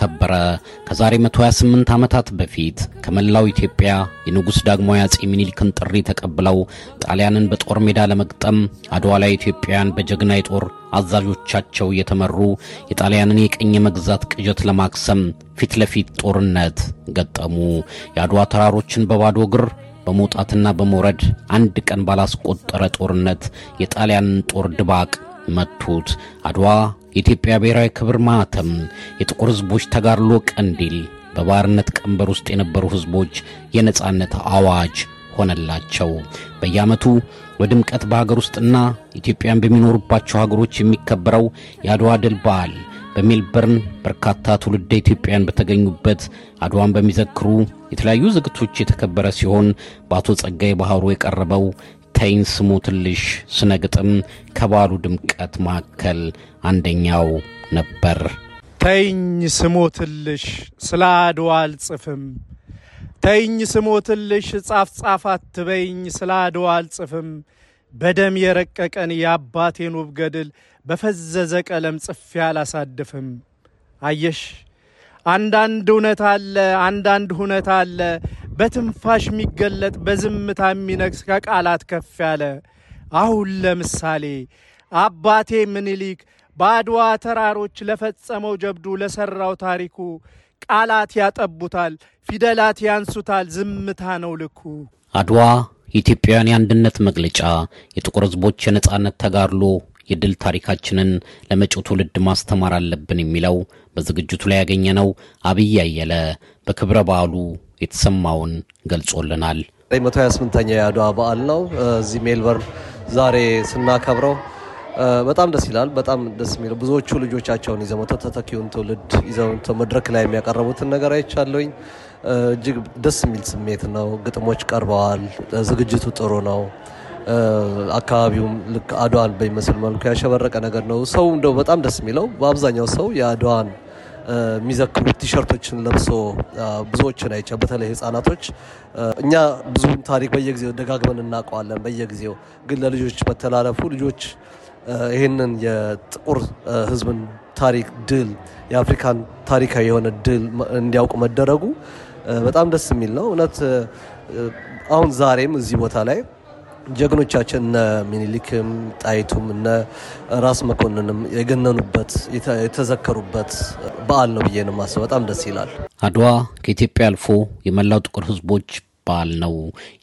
ከበረ ከዛሬ 128 ዓመታት በፊት ከመላው ኢትዮጵያ የንጉሥ ዳግማዊ አጼ ሚኒሊክን ጥሪ ተቀብለው ጣሊያንን በጦር ሜዳ ለመግጠም አድዋ ላይ ኢትዮጵያውያን በጀግና የጦር አዛዦቻቸው እየተመሩ የጣሊያንን የቅኝ መግዛት ቅዠት ለማክሰም ፊት ለፊት ጦርነት ገጠሙ። የአድዋ ተራሮችን በባዶ እግር በመውጣትና በመውረድ አንድ ቀን ባላስቆጠረ ጦርነት የጣሊያንን ጦር ድባቅ መቱት። አድዋ የኢትዮጵያ ብሔራዊ ክብር ማተም የጥቁር ሕዝቦች ተጋድሎ ቀንዲል፣ በባርነት ቀንበር ውስጥ የነበሩ ሕዝቦች የነጻነት አዋጅ ሆነላቸው። በየዓመቱ በድምቀት በሀገር ውስጥና ኢትዮጵያን በሚኖሩባቸው ሀገሮች የሚከበረው የአድዋ ድል በዓል በሜልበርን በርካታ ትውልደ ኢትዮጵያን በተገኙበት አድዋን በሚዘክሩ የተለያዩ ዝግቶች የተከበረ ሲሆን በአቶ ጸጋይ ባህሩ የቀረበው ተይን ስሙ ትልሽ ስነ ከባሉ ድምቀት መካከል አንደኛው ነበር። ተይኝ ስሞትልሽ ስለ አድዋ አልጽፍም፣ ተይኝ ስሞትልሽ ጻፍ ጻፍ አትበይኝ፣ ስለ አድዋ አልጽፍም። በደም የረቀቀን የአባቴን ውብ ገድል በፈዘዘ ቀለም ጽፌ አላሳድፍም። አየሽ አንዳንድ እውነት አለ፣ አንዳንድ ሁነት አለ፣ በትንፋሽ የሚገለጥ በዝምታ የሚነግስ ከቃላት ከፍ ያለ አሁን ለምሳሌ አባቴ ምኒልክ በአድዋ ተራሮች ለፈጸመው ጀብዱ ለሰራው ታሪኩ ቃላት ያጠቡታል፣ ፊደላት ያንሱታል፣ ዝምታ ነው ልኩ። አድዋ የኢትዮጵያውያን የአንድነት መግለጫ፣ የጥቁር ሕዝቦች የነጻነት ተጋድሎ የድል ታሪካችንን ለመጪው ትውልድ ማስተማር አለብን የሚለው በዝግጅቱ ላይ ያገኘነው አብይ አየለ በክብረ በዓሉ የተሰማውን ገልጾልናል። 128ኛ የአድዋ በዓል ነው እዚህ ሜልበርን ዛሬ ስናከብረው በጣም ደስ ይላል። በጣም ደስ የሚለው ብዙዎቹ ልጆቻቸውን ይዘው መጥተው ተተኪውን ትውልድ ይዘው መድረክ ላይ የሚያቀረቡትን ነገር አይቻለሁኝ። እጅግ ደስ የሚል ስሜት ነው። ግጥሞች ቀርበዋል። ዝግጅቱ ጥሩ ነው። አካባቢውም ልክ አድዋን በሚመስል መልኩ ያሸበረቀ ነገር ነው። ሰው እንደው በጣም ደስ የሚለው በአብዛኛው ሰው የአድዋን የሚዘክሩ ቲሸርቶችን ለብሶ ብዙዎችን አይቼ፣ በተለይ ህጻናቶች እኛ ብዙም ታሪክ በየጊዜው ደጋግመን እናውቀዋለን። በየጊዜው ግን ለልጆች መተላለፉ ልጆች ይህንን የጥቁር ህዝብን ታሪክ ድል የአፍሪካን ታሪካዊ የሆነ ድል እንዲያውቁ መደረጉ በጣም ደስ የሚል ነው። እውነት አሁን ዛሬም እዚህ ቦታ ላይ ጀግኖቻችን እነ ሚኒሊክም ጣይቱም እነ ራስ መኮንንም የገነኑበት የተዘከሩበት በዓል ነው ብዬ ነው በጣም ደስ ይላል። አድዋ ከኢትዮጵያ አልፎ የመላው ጥቁር ሕዝቦች በዓል ነው።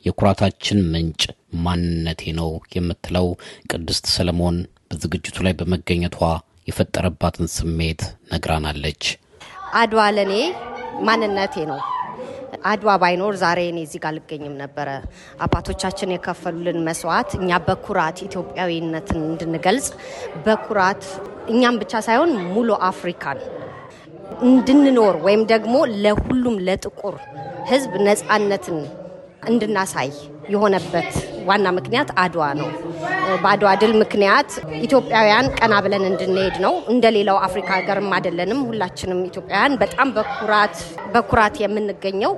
የኩራታችን ምንጭ ማንነቴ ነው የምትለው ቅድስት ሰለሞን በዝግጅቱ ላይ በመገኘቷ የፈጠረባትን ስሜት ነግራናለች። አድዋ ለኔ ማንነቴ ነው አድዋ ባይኖር ዛሬ እኔ እዚህ ጋር አልገኝም ነበረ። አባቶቻችን የከፈሉልን መስዋዕት እኛ በኩራት ኢትዮጵያዊነትን እንድንገልጽ በኩራት እኛም ብቻ ሳይሆን ሙሉ አፍሪካን እንድንኖር ወይም ደግሞ ለሁሉም ለጥቁር ሕዝብ ነፃነትን እንድናሳይ የሆነበት ዋና ምክንያት አድዋ ነው። በአድዋ ድል ምክንያት ኢትዮጵያውያን ቀና ብለን እንድንሄድ ነው። እንደሌላው አፍሪካ ሀገርም አይደለንም። ሁላችንም ኢትዮጵያውያን በጣም በኩራት በኩራት የምንገኘው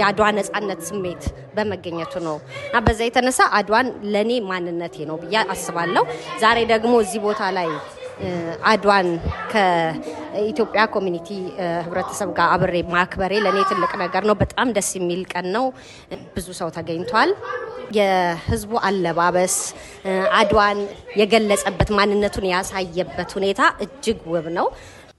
የአድዋ ነጻነት ስሜት በመገኘቱ ነው እና በዛ የተነሳ አድዋን ለእኔ ማንነቴ ነው ብዬ አስባለሁ። ዛሬ ደግሞ እዚህ ቦታ ላይ አድዋን ኢትዮጵያ ኮሚኒቲ ህብረተሰብ ጋር አብሬ ማክበሬ ለእኔ ትልቅ ነገር ነው። በጣም ደስ የሚል ቀን ነው። ብዙ ሰው ተገኝቷል። የህዝቡ አለባበስ አድዋን የገለጸበት ማንነቱን ያሳየበት ሁኔታ እጅግ ውብ ነው።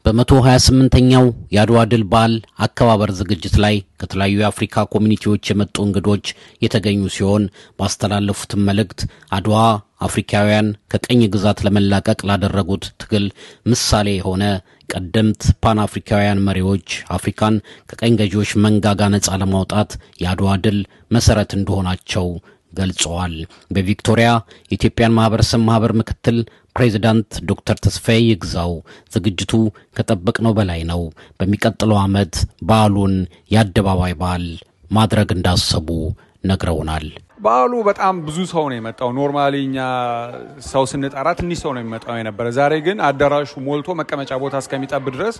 በመቶ 28ኛው የአድዋ ድል በዓል አከባበር ዝግጅት ላይ ከተለያዩ የአፍሪካ ኮሚኒቲዎች የመጡ እንግዶች የተገኙ ሲሆን ባስተላለፉትም መልእክት አድዋ አፍሪካውያን ከቀኝ ግዛት ለመላቀቅ ላደረጉት ትግል ምሳሌ የሆነ ቀደምት ፓን አፍሪካውያን መሪዎች አፍሪካን ከቀኝ ገዢዎች መንጋጋ ነጻ ለማውጣት የአድዋ ድል መሠረት እንደሆናቸው ገልጸዋል። በቪክቶሪያ የኢትዮጵያን ማህበረሰብ ማህበር ምክትል ፕሬዚዳንት ዶክተር ተስፋዬ ይግዛው ዝግጅቱ ከጠበቅነው በላይ ነው፣ በሚቀጥለው ዓመት በዓሉን የአደባባይ በዓል ማድረግ እንዳሰቡ ነግረውናል። በዓሉ በጣም ብዙ ሰው ነው የመጣው። ኖርማሊ እኛ ሰው ስንጠራ ትንሽ ሰው ነው የሚመጣው የነበረ። ዛሬ ግን አዳራሹ ሞልቶ መቀመጫ ቦታ እስከሚጠብ ድረስ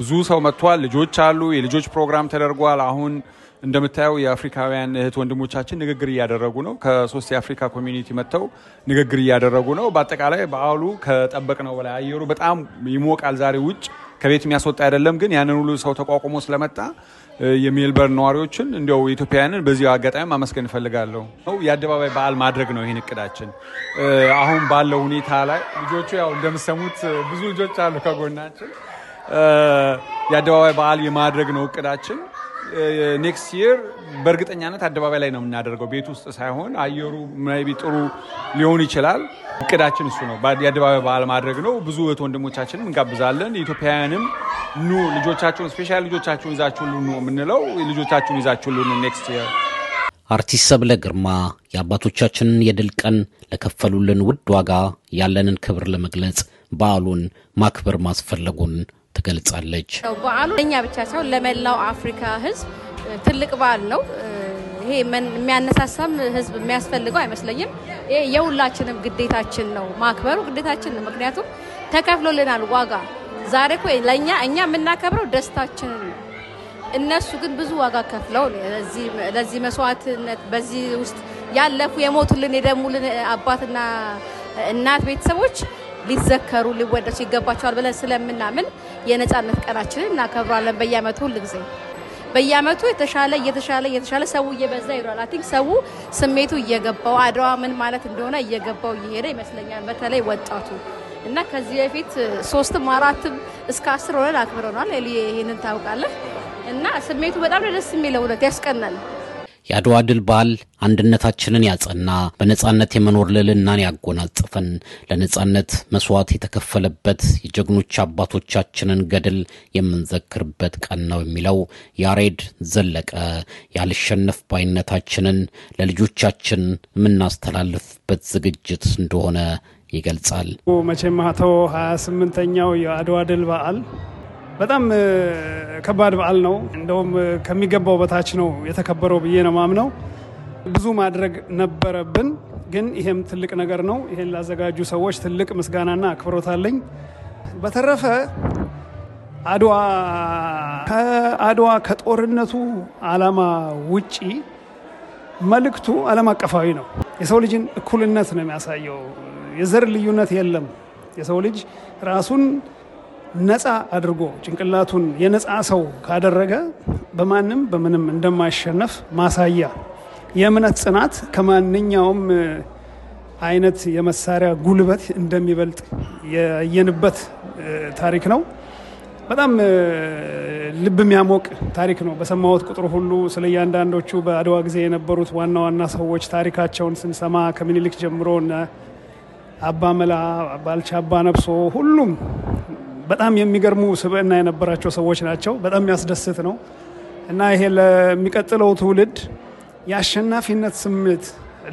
ብዙ ሰው መጥቷል። ልጆች አሉ፣ የልጆች ፕሮግራም ተደርጓል። አሁን እንደምታየው የአፍሪካውያን እህት ወንድሞቻችን ንግግር እያደረጉ ነው። ከሶስት የአፍሪካ ኮሚኒቲ መጥተው ንግግር እያደረጉ ነው። በአጠቃላይ በዓሉ ከጠበቅነው በላይ አየሩ በጣም ይሞቃል ዛሬ ውጭ ከቤት የሚያስወጣ አይደለም። ግን ያንን ሁሉ ሰው ተቋቁሞ ስለመጣ የሜልበርን ነዋሪዎችን እንዲያው ኢትዮጵያውያንን በዚህ አጋጣሚ ማመስገን እፈልጋለሁ። የአደባባይ በዓል ማድረግ ነው ይህን እቅዳችን። አሁን ባለው ሁኔታ ላይ ልጆቹ ያው እንደምሰሙት ብዙ ልጆች አሉ ከጎናችን። የአደባባይ በዓል የማድረግ ነው እቅዳችን። ኔክስት ይር በእርግጠኛነት አደባባይ ላይ ነው የምናደርገው፣ ቤት ውስጥ ሳይሆን አየሩ ቢ ጥሩ ሊሆን ይችላል። እቅዳችን እሱ ነው፣ የአደባባይ በዓል ማድረግ ነው። ብዙ እህት ወንድሞቻችንም እንጋብዛለን። ኢትዮጵያውያንም ኑ ልጆቻችሁን ስፔሻል ልጆቻችሁን ይዛችሁን ኑ የምንለው ልጆቻችሁን ይዛችሁን ኑ ኔክስት ይር አርቲስት ሰብለ ግርማ የአባቶቻችንን የድል ቀን ለከፈሉልን ውድ ዋጋ ያለንን ክብር ለመግለጽ በዓሉን ማክበር ማስፈለጉን ትገልጻለች። በዓሉ ለእኛ ብቻ ሳይሆን ለመላው አፍሪካ ህዝብ ትልቅ በዓል ነው። ይሄ የሚያነሳሳም ህዝብ የሚያስፈልገው አይመስለኝም። ይሄ የሁላችንም ግዴታችን ነው፣ ማክበሩ ግዴታችን ነው። ምክንያቱም ተከፍሎልናል ዋጋ። ዛሬ እኮ ለእኛ እኛ የምናከብረው ደስታችንን ነው። እነሱ ግን ብዙ ዋጋ ከፍለው ለዚህ መስዋዕትነት በዚህ ውስጥ ያለፉ የሞቱልን የደሙልን አባትና እናት ቤተሰቦች ሊዘከሩ ሊወደሱ ይገባቸዋል ብለን ስለምናምን የነጻነት ቀናችንን እናከብራለን። በየአመቱ ሁልጊዜ በየአመቱ የተሻለ እየተሻለ እየተሻለ ሰው እየበዛ ይሏል። አይ ቲንክ ሰው ስሜቱ እየገባው አድዋ ምን ማለት እንደሆነ እየገባው እየሄደ ይመስለኛል፣ በተለይ ወጣቱ እና ከዚህ በፊት ሶስትም አራትም እስከ አስር ሆነን አክብረናል። ይህንን ታውቃለህ። እና ስሜቱ በጣም ደስ የሚለው እውነት ያስቀናል። የአድዋ ድል በዓል አንድነታችንን ያጸና በነጻነት የመኖር ልዕልናን ያጎናጽፈን ለነጻነት መስዋዕት የተከፈለበት የጀግኖች አባቶቻችንን ገድል የምንዘክርበት ቀን ነው የሚለው ያሬድ ዘለቀ ያልሸነፍ ባይነታችንን ለልጆቻችን የምናስተላልፍበት ዝግጅት እንደሆነ ይገልጻል። መቼም መቶ 28ኛው የአድዋ ድል በዓል በጣም ከባድ በዓል ነው። እንደውም ከሚገባው በታች ነው የተከበረው ብዬ ነው ማምነው። ብዙ ማድረግ ነበረብን፣ ግን ይሄም ትልቅ ነገር ነው። ይሄን ላዘጋጁ ሰዎች ትልቅ ምስጋናና አክብሮት አለኝ። በተረፈ አድዋ ከአድዋ ከጦርነቱ ዓላማ ውጪ መልእክቱ ዓለም አቀፋዊ ነው። የሰው ልጅን እኩልነት ነው የሚያሳየው። የዘር ልዩነት የለም። የሰው ልጅ ራሱን ነፃ አድርጎ ጭንቅላቱን የነፃ ሰው ካደረገ በማንም በምንም እንደማይሸነፍ ማሳያ የእምነት ጽናት ከማንኛውም አይነት የመሳሪያ ጉልበት እንደሚበልጥ ያየንበት ታሪክ ነው። በጣም ልብ የሚያሞቅ ታሪክ ነው። በሰማሁት ቁጥር ሁሉ ስለ እያንዳንዶቹ በአድዋ ጊዜ የነበሩት ዋና ዋና ሰዎች ታሪካቸውን ስንሰማ ከሚኒሊክ ጀምሮ አባ መላ፣ ባልቻ፣ አባ ነብሶ ሁሉም በጣም የሚገርሙ ስብዕና የነበራቸው ሰዎች ናቸው። በጣም የሚያስደስት ነው እና ይሄ ለሚቀጥለው ትውልድ የአሸናፊነት ስሜት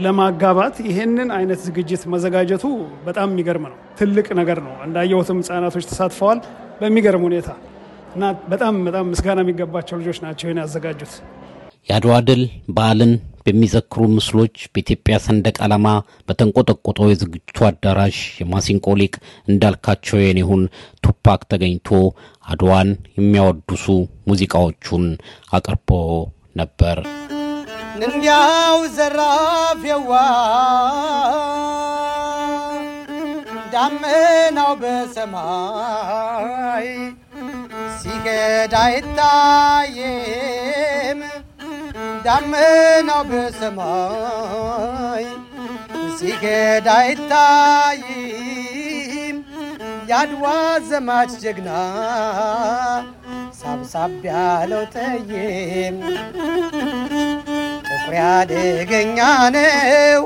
ለማጋባት ይሄንን አይነት ዝግጅት መዘጋጀቱ በጣም የሚገርም ነው። ትልቅ ነገር ነው። እንዳየሁትም ህጻናቶች ተሳትፈዋል በሚገርም ሁኔታ እና በጣም በጣም ምስጋና የሚገባቸው ልጆች ናቸው ይህን ያዘጋጁት። የአድዋ ድል በዓልን በሚዘክሩ ምስሎች በኢትዮጵያ ሰንደቅ ዓላማ በተንቆጠቆጠው የዝግጅቱ አዳራሽ የማሲንቆ ሊቅ እንዳልካቸው የኔሁን ቱፓክ ተገኝቶ አድዋን የሚያወድሱ ሙዚቃዎቹን አቅርቦ ነበር። እንዲያው ዘራፌዋ ዳመናው በሰማይ ሲገዳ ይታየ ዳመናው በሰማይ ሲሄድ አይታይም ያድዋ ዘማች ጀግና ሳብሳብ ያለው ጠይም ጥቁር አደገኛ ነው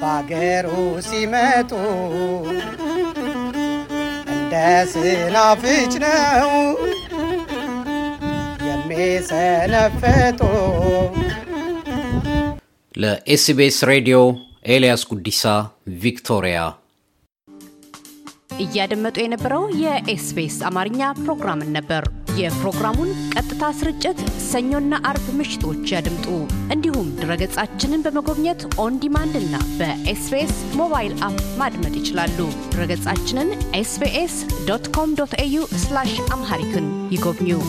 በአገሩ ሲመጡ እንደ ስናፍጭ ነው። ሰነፍጡ። ለኤስቢኤስ ሬዲዮ ኤልያስ ጉዲሳ ቪክቶሪያ። እያደመጡ የነበረው የኤስቢኤስ አማርኛ ፕሮግራምን ነበር። የፕሮግራሙን ቀጥታ ስርጭት ሰኞና አርብ ምሽቶች ያድምጡ። እንዲሁም ድረገጻችንን በመጎብኘት ኦን ዲማንድ እና በኤስቤስ ሞባይል አፕ ማድመጥ ይችላሉ። ድረገጻችንን ኤስቤስ ዶት ኮም ዶት ኤዩ አምሃሪክን ይጎብኙ።